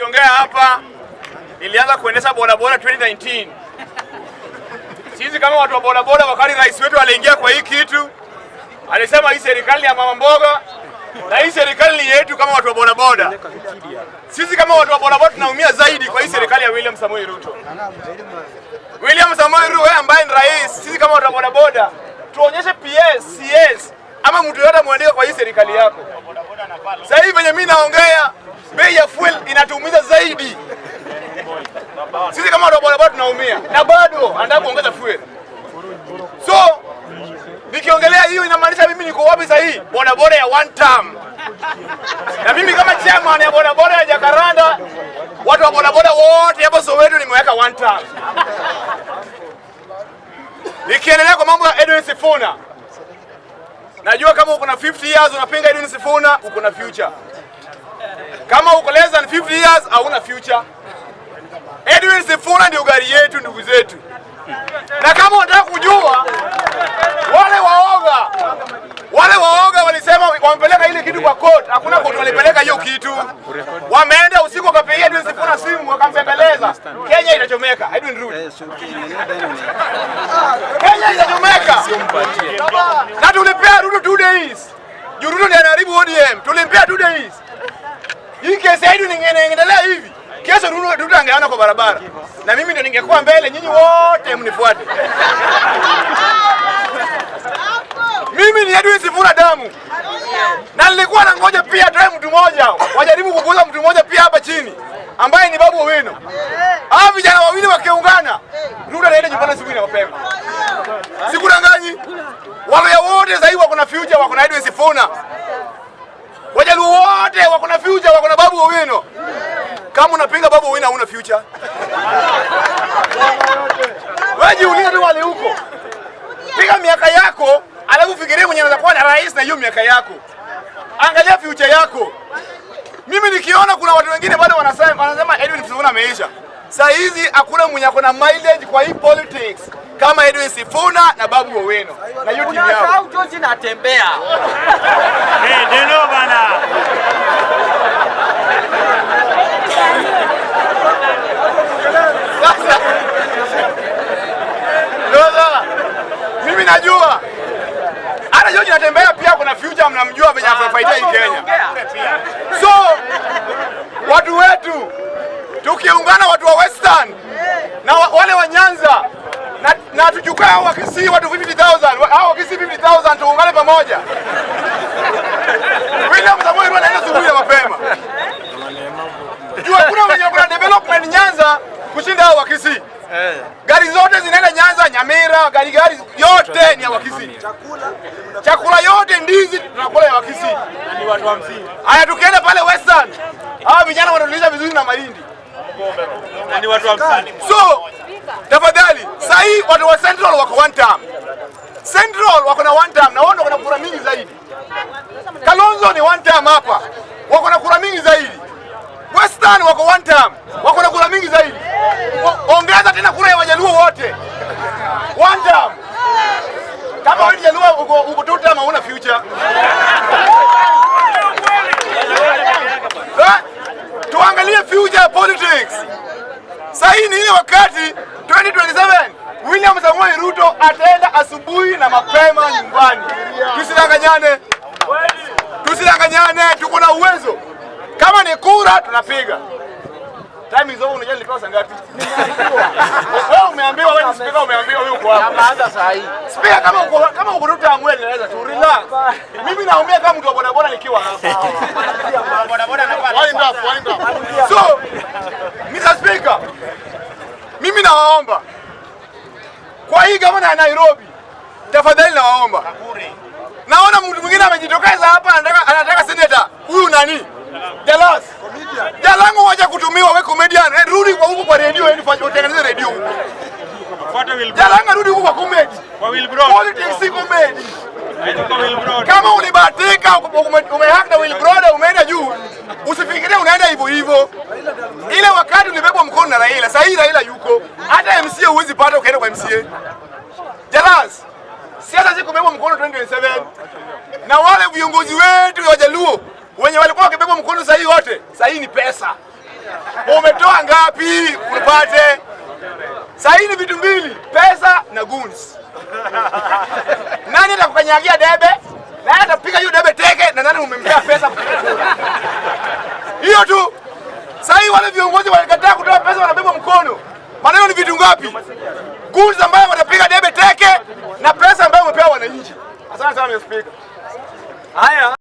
tukiongea hapa, nilianza kuendesha bodaboda 2019. Sisi kama watu wa bodaboda, wakati rais wetu aliingia kwa hii kitu alisema hii serikali ya mama mboga na hii serikali ni yetu kama watu wa bodaboda. Sisi kama watu wa bodaboda tunaumia zaidi kwa hii serikali ya William Samoei Ruto. William Samoei Ruto zaidi. Sisi kama wana bado tunaumia na bado anataka kuongeza fuel. So nikiongelea hiyo inamaanisha mimi niko wapi sahihi? Bodaboda ya one term. Na mimi kama chairman ya bodaboda ya jakaranda watu wa bodaboda wote hapo Soweto nimeweka one term. Nikiendelea kwa mambo ya Edwin Sifuna, najua kama uko na 50 years unapinga Edwin Sifuna, uko na future. Kama uko less than 50 years hauna future. Edwin Sifuna ndio gari yetu, ndugu zetu. Na kama unataka kujua wale waoga wale waoga walisema wamepeleka ile kitu kwa court. Hakuna court walipeleka hiyo kitu. Wameenda usiku wakapigia Edwin Sifuna simu wakampembeleza. Kenya itachomeka. Edwin rudi. Eh, Kenya itachomeka. Na tulipea Ruto 2 days. Juu Ruto ndio anaharibu ODM. Tulimpea 2 days. Hii kesi yetu ningeendelea hivi, kesho angeana kwa barabara, na mimi ndio ningekuwa mbele, nyinyi wote mnifuate mimi. Ni Edwin Sifuna Damu, na nilikuwa na ngoja pia toe mtu mmoja wajaribu kukuza mtu mmoja pia hapa chini ambaye ni Babu Owino. Hawa vijana wawili wakiungana, Ruto anaenda nyumbani siku ile mapema. Sikudanganyi, wale wote sasa hivi wako na future, wako na Edwin Sifuna Wajaluo wote wako na future, wako na Babu Owino. Kama unapinga Babu Owino hauna future. Wewe jiulize tu wale huko. Piga miaka yako, alafu fikiria mwenye anaweza kuwa na rais na hiyo miaka yako. Angalia future yako. Mimi nikiona kuna watu wengine bado wanasema wanasema Edwin Sifuna ameisha. Saa hizi hakuna mwenye ako na mileage kwa hii politics kama Edwin Sifuna na Babu Owino. Na hiyo timu yao. Unasahau George natembea. Hey, eh, Denova. Mjukuu hao wa Kisii watu 50000, hao wakisi Kisii 50000 tuungane pamoja. William Samoei Ruto anaenda asubuhi ya mapema. Jua kuna wenye kuna development Nyanza kushinda hao wakisi. Eh. Gari zote zinaenda Nyanza, Nyamira, gari gari yote ni ya wakisi. Chakula chakula yote ndizi tunakula ya Wakisii. Ni watu 50. Haya tukienda pale Western. Hao vijana wanatulisha vizuri na mahindi. Na ni watu 50. So Tafadhali sasa hii watu wa Central wako one term. Central wako na one term na wao ndio wana kura mingi zaidi. Kalonzo ni one term hapa. Wako na kura mingi zaidi. Western wako one term. Wako na kura mingi zaidi. Ongeza tena kura ya Wajaluo wote. One term. Kama wewe Jaluo uko uko two term una future. Eh? Tuangalie future politics. Sasa hii ni ile wakati 2027 William Samoei Ruto ataenda asubuhi na mapema nyumbani. Tusidanganyane, tusidanganyane, tuko na uwezo. Kama ni kura tunapiga. Time is over. Unajua Wewe umeambiwa, wewe speaker umeambiwa wewe uko hapa. saa hii. Speaker kama uko kama uko Ruto amwe tu relax. Mimi kama mtu wa nikiwa hapa. anapata. Wind up, wind up. So, Mr. Speaker, mimi nawaomba kwa hii gavana ya Nairobi, tafadhali nawaomba. Naona mtu mwingine amejitokeza hapa anataka, anataka seneta huyu nani Jalas Jalangu, wacha kutumiwa we comedian. Hey, eh, rudi kwa huko kwa redio, utengeneze redio huko. Jalangu rudi huko kwa comedy. Kwa Will Politics si comedy. Kama ulibahatika umehack na Wilbrod umeenda juu, usifikirie unaenda hivyo hivyo ile wakati na Raila. Sasa hii Raila yuko hata MCA huwezi pata ukaenda kwa MCA. Jalas, siasa ziko zikubebwa mkono 2027 na wale viongozi wetu wa Jaluo wenye walikuwa wakibebwa mkono sahii wote, sahii ni pesa. Umetoa ngapi upate? Sahii ni vitu mbili, pesa na guns. Nani atakukanyagia debe? Nani atapiga hiyo debe teke? Na nani umempea pesa? Hiyo tu. Sahii wale viongozi walikataa mkono. Maneno ni vitu ngapi? Guns ambayo wanapiga debe teke na pesa ambayo wamepewa wananchi. Asante sana Speaker. Haya.